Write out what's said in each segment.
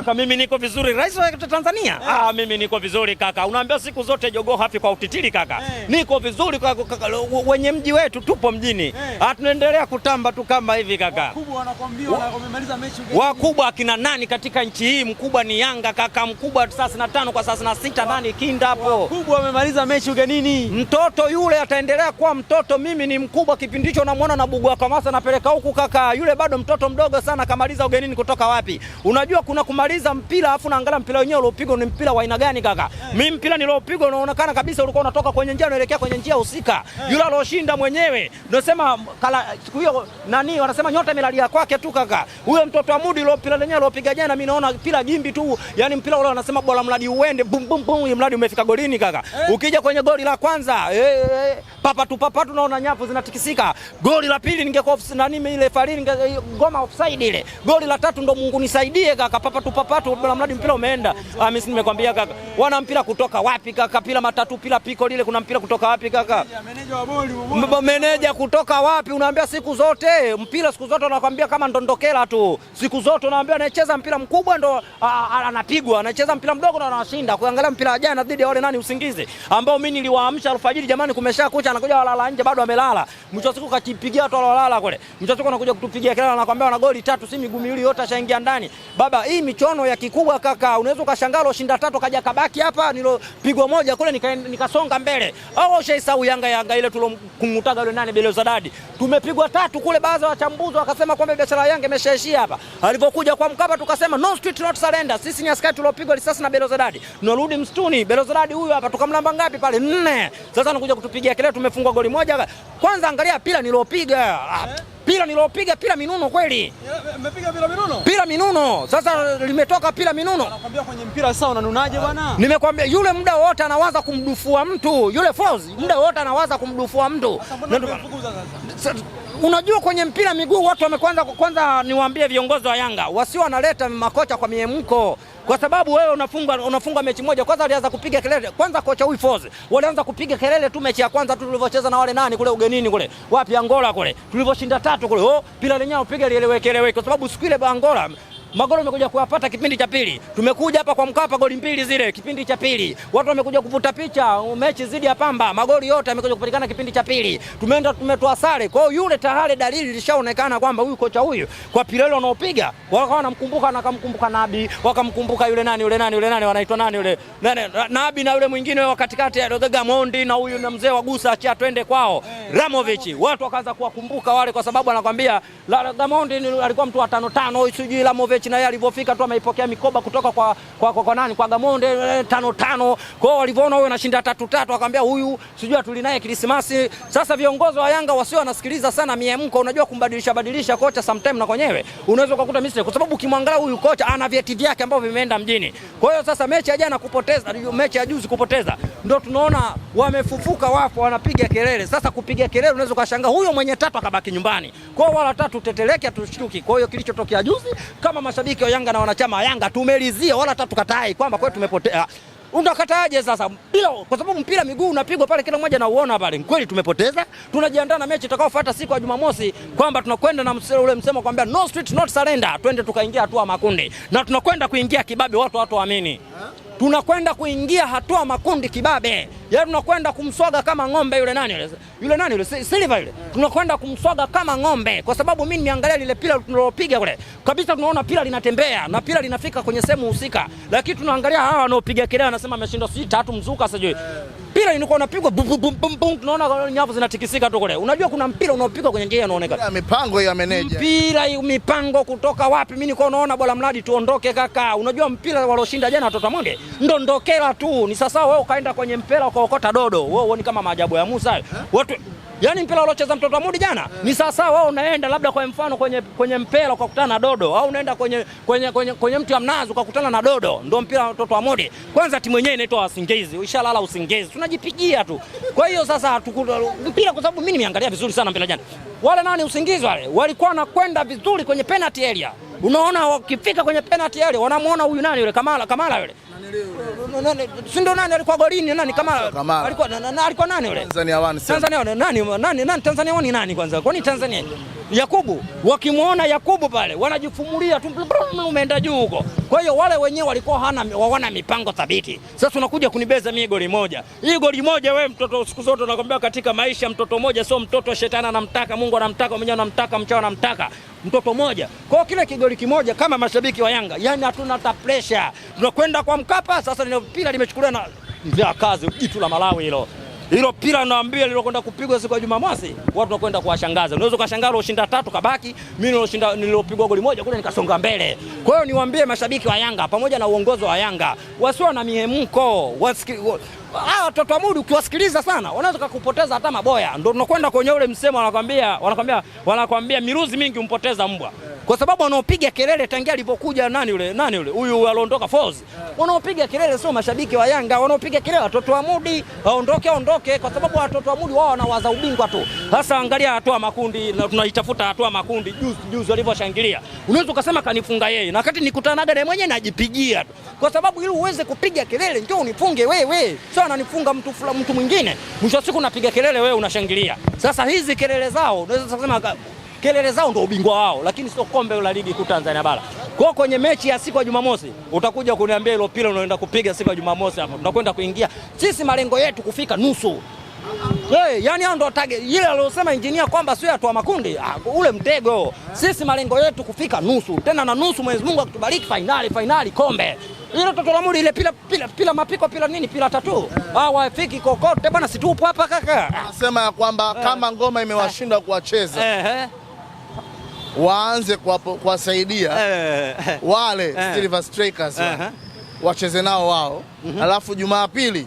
kaka, mimi niko vizuri. Rais wa Tanzania hey. Eh. Ah, mimi niko vizuri kaka, unaambia siku zote jogoo hafi kwa utitiri kaka hey. Eh. Niko vizuri kaka, kaka, wenye mji wetu tupo mjini hey. Eh. Ah, tunaendelea kutamba tu kama hivi kaka. Wakubwa wanakwambia wamemaliza mechi, wakubwa akina nani katika nchi hii? Mkubwa ni Yanga kaka, mkubwa 35 kwa 36 nani kinda hapo, wakubwa wamemaliza mechi ugenini. Mtoto yule ataendelea kuwa mtoto, mimi ni mkubwa kipindicho, hicho, namwona na bugua kamasa napeleka huku kaka, yule bado mtoto mdogo sana, kamaliza ugenini kutoka wapi? Unajua kuna kumaliza kumaliza mpira afu naangalia mpira wenyewe uliopigwa ni mpira wa aina gani kaka? Hey. Eh. Mimi mpira niliopigwa unaonekana kabisa ulikuwa unatoka kwenye njia unaelekea kwenye njia husika. Hey. Eh. Yule aloshinda mwenyewe nasema kala siku hiyo nani wanasema nyota milalia kwake tu kaka. Huyo mtoto wa Mudi ile mpira lenyewe aliopiga jana mimi naona mpira gimbi tu. Yaani mpira ule wanasema bora mradi uende bum bum bum mradi umefika golini kaka. Hey. Eh. Ukija kwenye goli la kwanza eh, hey. papa tu papa tu naona nyapo zinatikisika. Goli la pili ningekuwa nani ile farini ngoma offside ile. Goli la tatu ndo Mungu nisaidie kaka papa tu papatu bora mradi mpira umeenda. Ah, mimi nimekwambia kaka, wana mpira kutoka wapi kaka? Pila matatu pila piko lile, kuna mpira kutoka wapi kaka? Meneja wa boli, meneja kutoka wapi? Unaambia siku zote mpira, siku zote unakwambia kama ndondokela tu, siku zote unaambia anacheza mpira mkubwa ndo anapigwa, anacheza mpira mdogo ndo anashinda. Kuangalia mpira jana dhidi ya wale nani usingizi ambao mimi niliwaamsha alfajiri, jamani, kumesha kucha, anakuja walala nje, bado amelala. Mwisho siku kachipigia watu walala kule, mwisho siku anakuja kutupigia kelele, anakwambia wana goli tatu, si miguu miwili yote ashaingia ndani. Baba hii michuano ya kikubwa kaka, unaweza ukashangaa loshinda tatu kaja kabaki hapa, nilopigwa moja kule nikasonga nika mbele. Au ushaisahau Yanga Yanga ile tulomkungutaga yule nani Zadadi, tumepigwa tatu kule. Baadhi ya wachambuzi wakasema kwamba biashara ya Yanga imeshaishia hapa. Alipokuja kwa Mkapa tukasema no street not surrender, sisi ni askari tuliopigwa risasi na Zadadi, tunarudi msituni. Zadadi huyu hapa tukamlamba ngapi pale? Nne. Sasa anakuja kutupigia kelele, tumefungwa goli moja. Kwanza angalia pila nilopiga eh? Ah, pila nilopiga pila minuno kweli. Mmepiga pila minuno? Pila minuno. Sasa limetoka pila minuno. Anakuambia kwenye mpira sasa unanunaje bwana? Nimekwambia yule muda wote anawaza kumdufua mtu, yule Folz muda wote anawaza kumdufua mtu. Unajua kwenye mpira miguu watu wamekwanza kwanza, niwaambie viongozi wa Yanga wasio wanaleta makocha kwa miemko kwa sababu wewe unafunga unafunga mechi moja. Kwanza alianza kupiga kelele kwanza, kocha huyu Folz walianza kupiga kelele tu mechi ya kwanza tu tulivyocheza na wale nani kule ugenini kule wapi Angola kule tulivyoshinda tatu kule, oh, bila lenyewe upiga lieleweke eleweke, kwa sababu siku ile Angola Magoli umekuja kuwapata kipindi cha pili. Tumekuja hapa kwa Mkapa goli mbili zile kipindi cha pili. Watu wamekuja kuvuta picha mechi zidi ya Pamba. Magoli yote yamekuja kupatikana kipindi cha pili. Tumeenda tumetoa sare. Kwa hiyo yule tayari dalili ilishaonekana kwamba huyu kocha huyu kwa pilelo anaopiga, wakawa wanamkumbuka na akamkumbuka Nabi, wakamkumbuka yule nani yule nani yule nani wanaitwa nani yule. Nani Nabi na yule mwingine wa katikati Adogega Mondi na huyu na mzee wa Gusa acha twende kwao. hey, eh, Ramovic. Watu wakaanza kuwakumbuka wale kwa sababu anakwambia Mondi alikuwa mtu wa tano tano, sijui Ramovic na yeye alivyofika tu ameipokea mikoba kutoka kwa kwa, kwa, kwa nani kwa Gamonde eh, tano tano. Kwao walivyoona huyo anashinda tatu tatu, akamwambia huyu sijui atuli naye Krismasi. Sasa viongozi wa Yanga wasio wanasikiliza sana miemko, unajua kumbadilisha badilisha kocha sometime, na kwenyewe unaweza kukuta mistake, kwa sababu ukimwangalia huyu kocha ana vieti vyake ambavyo vimeenda mjini. Kwa hiyo sasa mechi ya jana kupoteza, mechi ya juzi kupoteza, ndio tunaona wamefufuka, wapo wanapiga kelele. Sasa kupiga kelele, unaweza ukashangaa huyo mwenye tatu akabaki nyumbani. Kwao wala tatu teteleke, atushtuki. Kwa hiyo kilichotokea juzi kama mashabiki wa Yanga na wanachama wa Yanga tumelizia, wala hata tukatai kwamba kwetu tumepotea. Ah, unakataaje sasa bila, kwa sababu mpira miguu unapigwa pale, kila mmoja anauona pale. Kweli tumepoteza, tunajiandaa na mechi itakayofuata siku ya Jumamosi, kwamba tunakwenda na msemo ule msemo kwamba no street not surrender, twende tukaingia hatua makundi, na tunakwenda kuingia kibabe, watu watu waamini tunakwenda kuingia hatua makundi kibabe, yaani tunakwenda kumswaga kama ng'ombe yule nani yule yule nani yule Silva yule, tunakwenda kumswaga kama ng'ombe, kwa sababu mimi niangalia lile pila tunalopiga kule kabisa, tunaona pila linatembea na pila linafika kwenye sehemu husika, lakini tunaangalia hawa wanaopiga kelele, anasema ameshinda sijui tatu mzuka sijui mpira ilikuwa unapigwa bum bum bum bum, tunaona nyavu zinatikisika tu kule. Unajua kuna mpira unaopigwa kwenye njia unaonekana. Mipango ya meneja. Mpira mipango kutoka wapi? Mimi niko naona bora mradi tuondoke kaka. Unajua mpira waloshinda jana watoto mwange mm. Ndo ndokela tu. Ni sasa wewe ukaenda kwenye mpira ukaokota dodo. Wewe uone kama maajabu ya Musa. Watu Yaani mpira uliocheza mtoto wa Mudi jana yeah, ni sawasawa wao unaenda labda kwa mfano kwenye, kwenye mpira ukakutana na dodo au unaenda kwenye, kwenye, kwenye, kwenye mti wa mnazi ukakutana na dodo, ndio mpira wa mtoto wa Mudi. Kwanza timu yenyewe inaitwa wasingizi, ishalala usingizi, tunajipigia tu. Kwa hiyo sasa mpira, kwa sababu mimi nimeangalia vizuri sana mpira jana, wale nani usingizi wale walikuwa wanakwenda vizuri kwenye penalty area Unaona wakifika kwenye penalty yale wanamuona huyu nani yule Kamala Kamala yule. Si ndio nani alikuwa golini nani Kamala? Alikuwa alikuwa nani yule? Tanzania 1. Tanzania nani nani Tanzania 1 nani kwanza? Kwani Tanzania Yakubu, wakimwona Yakubu pale wanajifumulia tu, umeenda juu huko. Kwa hiyo wale wenyewe walikuwa hawana mipango thabiti. Sasa unakuja kunibeza mimi goli moja, hii goli moja. wewe mtoto, siku zote nakwambia katika maisha mtoto moja sio mtoto. Shetani anamtaka, Mungu anamtaka, mwenyewe anamtaka, mchao anamtaka mtoto moja. Kwa hiyo kile kigoli kimoja, kama mashabiki wa Yanga, yani hatuna hata pressure, tunakwenda kwa Mkapa. Sasa mpira limechukuliwa na kazi jitu la Malawi hilo hilo pira naambia lilokwenda kupigwa siku ya Jumamosi, watu wanakwenda kuwashangaza. Unaweza ukashangaa ushinda tatu kabaki, mimi nilioshinda nilopigwa goli moja kule nikasonga mbele. Kwa hiyo niwaambie mashabiki wa Yanga pamoja na uongozi wa Yanga wasiwa na mihemko. Ah, watoto wa mudu ukiwasikiliza sana wanaweza kukupoteza hata maboya. Ndio tunakwenda kwenye ule msemo wanakwambia, wanakwambia, wanakwambia miruzi mingi umpoteza mbwa kwa sababu wanaopiga kelele tangia alipokuja nani yule nani yule huyu aliondoka Folz, wanaopiga kelele sio mashabiki wa Yanga, wanaopiga kelele watoto wa Mudi aondoke, aondoke, kwa sababu watoto wa Mudi wao wanawaza ubingwa tu. Sasa angalia hatua makundi, na tunaitafuta hatua makundi, juzi juzi walivyoshangilia, unaweza ukasema kanifunga yeye, na wakati nikutanaga naye mwenyewe najipigia tu, kwa sababu ili uweze kupiga kelele njoo unifunge wewe, sio ananifunga mtu fulani, mtu mwingine. Mwisho wa siku unapiga kelele, wewe unashangilia. Sasa hizi kelele zao unaweza kusema kelele zao ndio ubingwa wao, lakini sio kombe la ligi kuu Tanzania bara. Kwa kwenye mechi ya siku ya Jumamosi utakuja kuniambia ile pila unaenda kupiga siku ya Jumamosi hapo, tunakwenda kuingia sisi, malengo yetu kufika nusu. Hey, yani hao ndo target ile aliyosema engineer kwamba sio atoa makundi ah, ule mtego. Sisi malengo yetu kufika nusu, tena na nusu, Mwenyezi Mungu akitubariki finali, finali kombe ile toto la muri ile pila, pila, pila mapiko pila nini pila tatu Yeah. Ah, waifiki Kokote bwana, situpo hapa kaka, anasema kwamba eh. kama ngoma imewashinda kuwacheza Eh waanze kuwasaidia eh, wale eh, eh. Silver Strikers wacheze nao wao, mhm. alafu Jumapili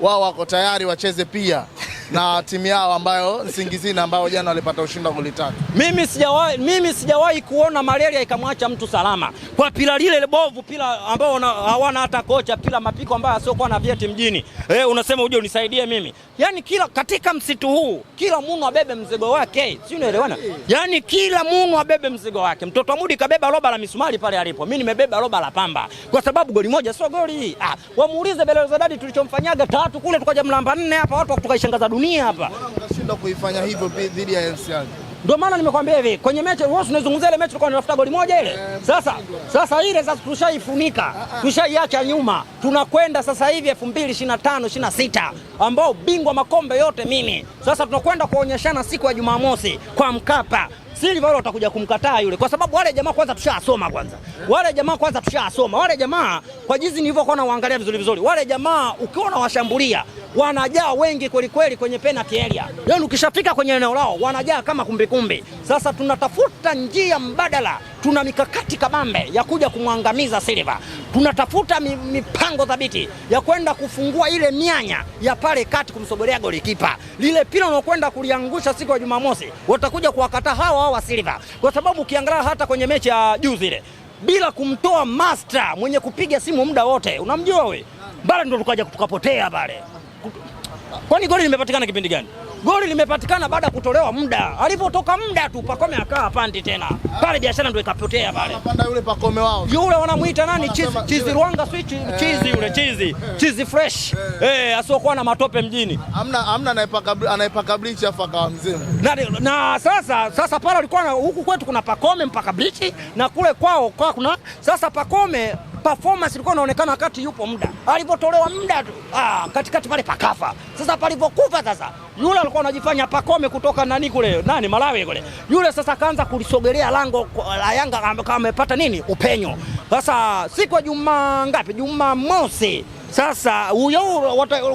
wao wako tayari wacheze pia na timu yao ambayo Singizini ambao jana walipata ushindi wa goli tatu. Mimi sijawahi mimi sijawahi kuona malaria ikamwacha mtu salama kwa pila lile bovu, pila ambao hawana hata kocha, pila mapiko ambayo asiokuwa na vyeti mjini. Eh, unasema uje unisaidie mimi, yaani kila katika msitu huu kila munu abebe mzigo wake, si unaelewana? Yaani kila munu abebe mzigo wake. Mtoto wa Mudi kabeba roba la misumari pale alipo, mimi nimebeba roba la pamba, kwa sababu goli moja sio goli. Ah, wamuulize Belozadadi tulichomfanyaga tatu kule, tukaja mlamba nne hapa, watu wakutukaishangaza dunia hapa. Unashindwa kuifanya hivyo dhidi ya NCR. Ndio maana nimekwambia hivi kwenye mechi wewe unazungumzia ile mechi tulikuwa tunafuta goli moja ile. Eh, sasa sasa ile sasa tushaifunika, ah, ah. tushaiacha nyuma. Tunakwenda sasa hivi 2025 26 ambao bingwa makombe yote mimi. Sasa tunakwenda kuonyeshana siku ya Jumamosi kwa Mkapa. Silva wale watakuja kumkataa yule, kwa sababu wale jamaa kwanza tushasoma kwanza, wale jamaa kwanza tushasoma wale jamaa, kwa jinsi nilivyokuwa uangalia vizuri vizuri, wale jamaa ukiwa nawashambulia wanajaa wengi kweli kweli kwenye penalty area, yaani ukishafika kwenye eneo lao wanajaa kama kumbikumbi. Sasa tunatafuta njia mbadala tuna mikakati kabambe ya kuja kumwangamiza Silva. Tunatafuta mipango thabiti ya kwenda kufungua ile mianya ya pale kati kumsogolea golikipa. Lile pila unaokwenda kuliangusha siku ya Jumamosi, watakuja kuwakataa hawa hawa Silva, kwa sababu ukiangalia hata kwenye mechi ya juzi ile bila kumtoa master mwenye kupiga simu muda wote, unamjua we, bale ndo tukaja tukapotea pale. Kwani goli limepatikana kipindi gani? Goli limepatikana baada ya kutolewa muda. Alipotoka muda tu Pakome akawa hapandi tena. Pale biashara ndio ikapotea pale. Anapanda yule Pakome wao. Yule wanamuita nani? Chizi, chizi Rwanga switch, eh. chizi yule chizi. Chizi fresh. Eh. eh, asiokuwa na matope mjini. Hamna hamna anayepaka anayepaka bleach afa akawa mzembe. Na, na sasa sasa pale alikuwa na huku kwetu kuna Pakome mpaka bleach na kule kwao kwa kuna sasa Pakome performance ilikuwa inaonekana wakati yupo muda. Alipotolewa muda tu. Ah, katikati pale pakafa. Sasa palipokufa sasa yule alikuwa anajifanya pakome kutoka nani kule nani Malawi kule, yule sasa kaanza kulisogelea lango la Yanga kama amepata nini upenyo. Sasa siku ya juma ngapi? Jumamosi. Sasa huyo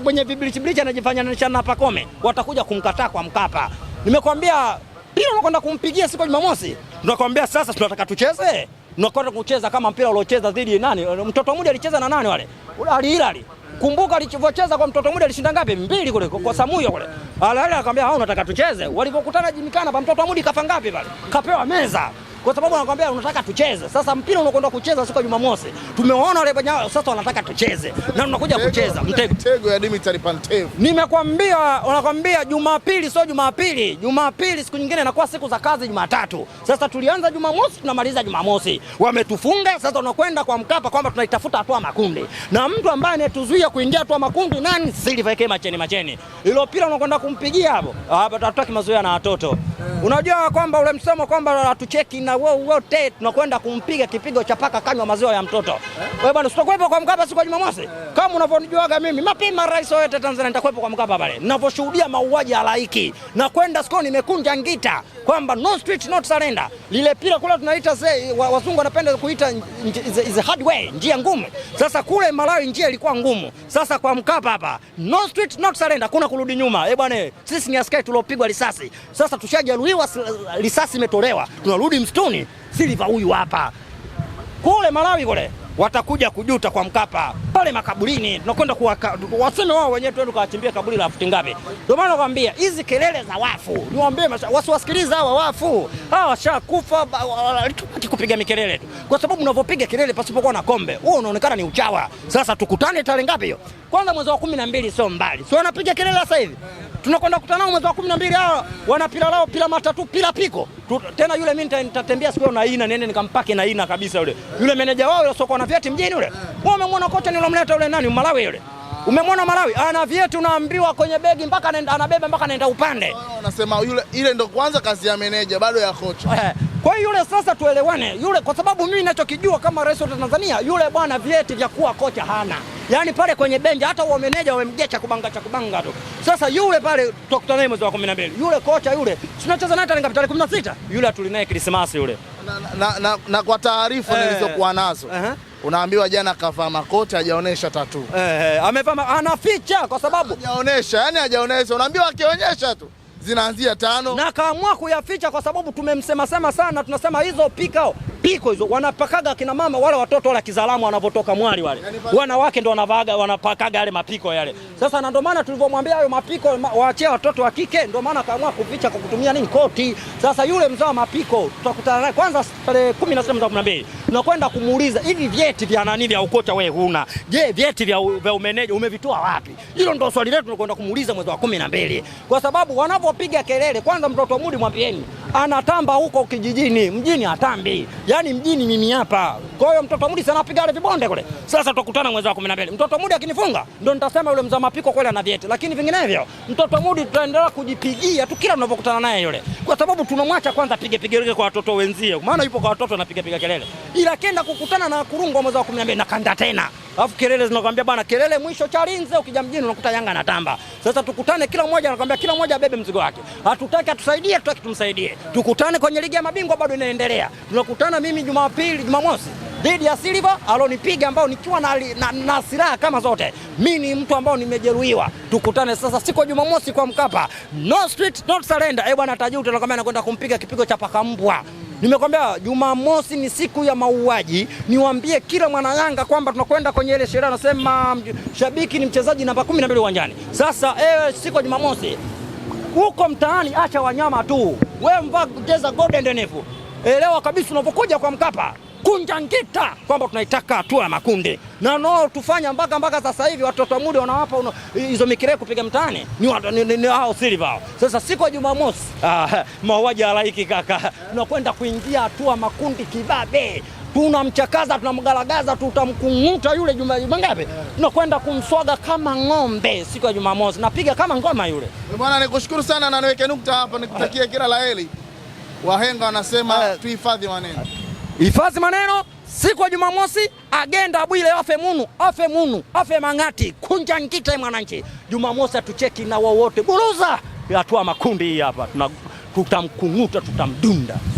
mwenye vibilichi bilichi anajifanya nishana pakome, watakuja kumkataa kwa Mkapa. Nimekwambia pia unakwenda kumpigia siku ya Jumamosi, tunakwambia sasa tunataka tucheze, tunakwenda kucheza kama mpira uliocheza dhidi nani, mtoto mmoja alicheza na nani wale Al Hilal Kumbuka alivyocheza kwa mtoto Mudi alishinda ngapi? Mbili kule kwa Samuyo kule. alala akamwambia hao unataka tucheze. Walipokutana Jimikana pa mtoto Mudi kafa ngapi pale? Kapewa meza kwa sababu anakuambia unataka tucheze. Sasa mpira unakwenda kucheza siku ya Jumamosi, tumewaona wale wenyewe, sasa wanataka tucheze na tunakuja kucheza mtego, mtego ya Dimitri Pantev. Nimekwambia, wanakwambia Jumapili sio Jumapili, Jumapili siku nyingine inakuwa siku za kazi Jumatatu. Sasa tulianza Jumamosi, tunamaliza Jumamosi, wametufunga sasa, tunakwenda kwa Mkapa kwamba tunaitafuta hatua makundi, na mtu ambaye anetuzuia kuingia hatua makundi nani? Silva Ike Macheni Macheni, ilo pira unakwenda kumpigia hapo, ah, hapa, hatutaki mazoea na watoto. Eh. Unajua kwamba ule msemo kwamba hatucheki na wewe wote tunakwenda kumpiga kipigo cha paka kanywa maziwa ya mtoto. Wewe bwana, sitakuwepo kwa Mkapa siku ya Jumamosi eh. kama unavyonijuaga mimi. Mapema rais wote Tanzania nitakuwepo kwa Mkapa pale, ninavyoshuhudia mauaji ya halaiki, nakwenda siko, nimekunja ngita kwamba no street not surrender. Lile pila kule tunaita wazungu wanapenda kuita is a hard way, njia ngumu. Sasa kule Malawi njia ilikuwa ngumu, sasa kwa Mkapa hapa no street not surrender, kuna kurudi nyuma. Eh bwana, sisi ni askari tuliopigwa risasi, sasa tushajaruiwa risasi imetolewa, tunarudi msituni. Silver huyu hapa kule Malawi kule watakuja kujuta kwa Mkapa pale makaburini, tunakwenda waseme wao wenyewe, tuende kuwachimbia kaburi la futi ngapi? Ndio maana nakwambia hizi kelele za wafu, niwaambie wasiwasikilize hawa wafu, hawa washakufa, kupiga mikelele tu, kwa sababu unavyopiga kelele pasipokuwa na kombe, huo unaonekana ni uchawa. Sasa tukutane tarehe ngapi hiyo? Kwanza mwezi wa kumi na mbili, sio mbali, sio wanapiga kelele sasa hivi tunakwenda kukutana mwezi wa kumi na mbili hawa wana pila lao pila matatu pila piko tena yule mimi nitatembea siku na Ina niende nikampake na Ina kabisa yule yule meneja wao yule soko na vieti mjini yule wewe umemwona kocha nilomleta yule nani Malawi yule umemwona Malawi ana vieti, unaambiwa kwenye begi mpaka anabeba mpaka anaenda upande. Unasema yule ile ndo kwanza kazi ya meneja bado ya kocha. Eh, kwa hiyo yule sasa tuelewane yule, kwa sababu mimi ninachokijua kama rais wa Tanzania yule bwana vyeti vya kuwa kocha hana yaani pale kwenye benji hata huo meneja wamemgia kubanga cha kubanga tu. Sasa yule pale tutakutana naye mwezi wa 12. Yule kocha yule tunacheza naye tarehe 16. Yule atuli naye Krismasi yule. Na, na, na, na kwa taarifa eh, nilizokuwa nazo uh -huh. Unaambiwa jana kavaa makoti hajaonesha tatu eh, eh, amevaa anaficha kwa sababu hajaonesha, yani hajaonesha, unaambiwa akionyesha tu zinaanzia tano na kaamua kuyaficha kwa sababu tumemsema sema sana, tunasema hizo pikao piko hizo wanapakaga kina mama wale watoto wale kizalamu wanavotoka mwali wale wanawake ndo wanavaga wanapakaga yale mapiko yale. Sasa na ndio maana tulivyomwambia hayo mapiko waachie watoto wa kike, ndio maana akaamua kuficha kwa kutumia nini koti. Sasa yule mzao wa mapiko tutakutana naye kwanza tarehe 16 mwezi wa 12 tunakwenda kumuuliza hivi vyeti vya nani vya ukocha wewe huna je, vyeti vya, vya umeneja umevitoa wapi? Hilo ndio swali letu tunakwenda kumuuliza mwezi wa 12 kwa sababu wanavyopiga kelele, kwanza mtoto wa mudi mwambieni anatamba huko kijijini, mjini hatambi. Yaani mjini mimi hapa. Kwa hiyo mtoto mudi sana apiga ile vibonde kule. Sasa tutakutana mwezi wa 12. Mtoto mudi akinifunga ndio nitasema yule mzama mapiko kweli ana vieti, lakini vinginevyo mtoto mudi tutaendelea kujipigia tu kila tunapokutana naye yule, kwa sababu tunamwacha kwanza pige pige kwa watoto wenzie, maana yupo kwa watoto anapiga piga kelele, ila kenda kukutana na kurungwa mwezi wa 12 na kanda tena. Alafu kelele zinakwambia bwana, kelele mwisho Chalinze, ukija mjini unakuta Yanga anatamba. Sasa tukutane, kila mmoja anakwambia, kila mmoja abebe mzigo wake. Hatutaki atusaidie, hatutaki tumsaidie. Tukutane kwenye ligi ya mabingwa bado inaendelea. Tunakutana mimi Jumapili, Jumamosi dhidi ya Silva alonipiga ambao nikiwa na, na, na silaha kama zote. Mi ni mtu ambao nimejeruhiwa. Tukutane sasa siku Jumamosi kwa Mkapa. No street, not surrender. Eh bwana, tajuta tunakwambia anakwenda kumpiga kipigo cha paka mbwa. Nimekwambia Jumamosi ni siku ya mauaji, niwaambie kila mwana Yanga kwamba tunakwenda kwenye ile sherehe, anasema shabiki ni mchezaji namba kumi na mbili uwanjani. Sasa ewe, eh, siku ya Jumamosi huko mtaani, acha wanyama tu, we mvaa kucheza golden endelevu. Elewa kabisa unapokuja kwa Mkapa kunja ngita kwamba tunaitaka hatua ya makundi na nao tufanya mpaka mpaka sasa hivi watoto muda wanawapa hizo mikirei kupiga mtaani ni hao silivao. Sasa siku ya Jumamosi ah, mauaji halaiki kaka, tunakwenda kuingia hatua makundi kibabe tunamchakaza tunamgaragaza, tutamkunguta yule juma mangapi, eh. tunakwenda kumswaga kama ng'ombe siku ya Jumamosi, napiga kama ngoma yule. Eh, bwana, nikushukuru sana na niweke nukta hapa, nikutakie kila laheri. Wahenga wanasema eh. tuhifadhi maneno. Hifadhi maneno siku ya Jumamosi, agenda Bwile afe munu afe munu afe mang'ati kunja ngite mwananchi. Jumamosi atucheki na wowote buruza, hatua makundi hii hapa, tutamkung'uta tutamdunda.